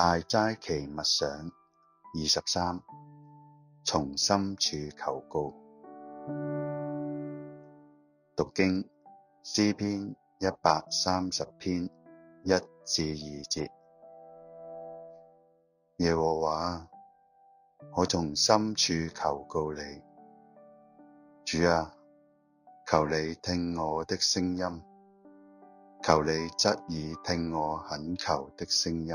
大齋期默想二十三，23，從深處求告。讀經詩篇一百三十篇一至二節。耶和華，我從深處求告你，主啊，求你聽我的聲音，求你側耳聽我懇求的聲音。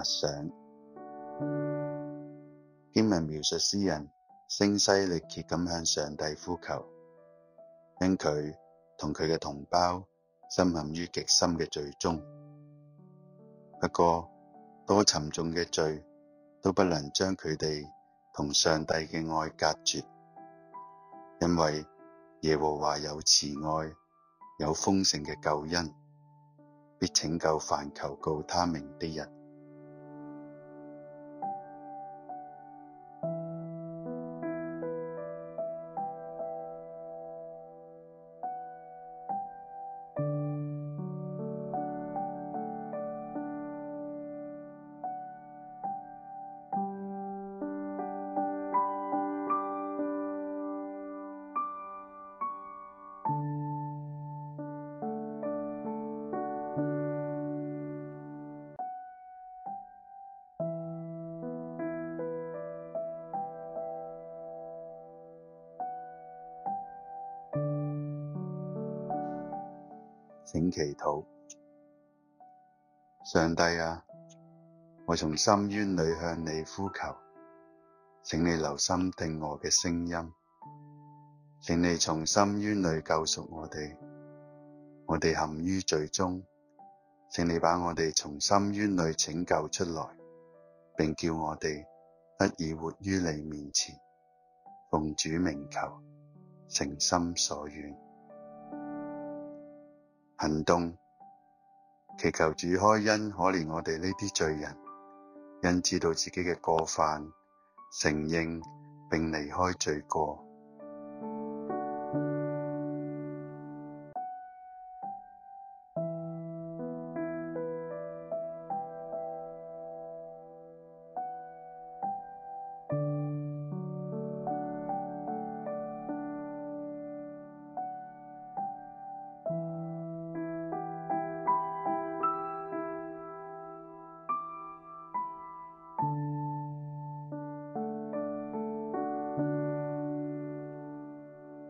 默想，經文描述詩人聲嘶力竭咁向上帝呼求，因佢同佢嘅同胞深陷於極深嘅罪中。不過，多沉重嘅罪都不能將佢哋同上帝嘅愛隔絕，因為耶和華有慈愛，有豐盛嘅救恩，必拯救凡求告他名的人。請祈禱，上帝啊，我從深淵裏向你呼求，請你留心聽我嘅聲音，請你從深淵裏救贖我哋，我哋陷於罪中，請你把我哋從深淵裏拯救出來，並叫我哋得以活於你面前，奉主名求，誠心所願。行動，祈求主開恩可憐我哋呢啲罪人，因知道自己嘅過犯，承認並離開罪過。